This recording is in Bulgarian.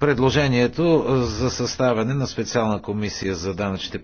предложението за съставяне на специална комисия за данъчните